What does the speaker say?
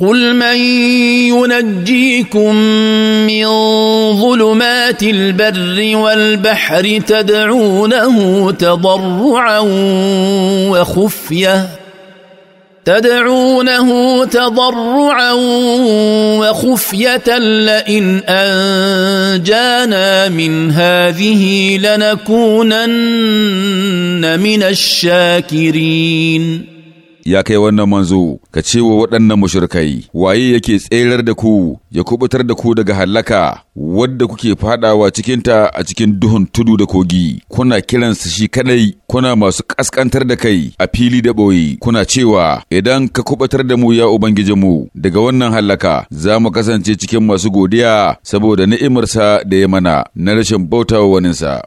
قل من ينجيكم من ظلمات البر والبحر تدعونه تضرعا وخفيه تدعونه تضرعا وخفيه لئن انجانا من هذه لنكونن من الشاكرين ya kai wannan manzo ka ce wa waɗannan mushrikai waye yake tserar da ku ya kubutar da ku daga hallaka wadda kuke fadawa cikinta a cikin duhun tudu da kogi kuna kiransa shi kadai kuna masu kaskantar da kai a fili da ɓoye kuna cewa idan ka kubutar da mu ya mu daga wannan hallaka za mu kasance cikin masu godiya saboda ni'imarsa da ya mana na rashin bautawa waninsa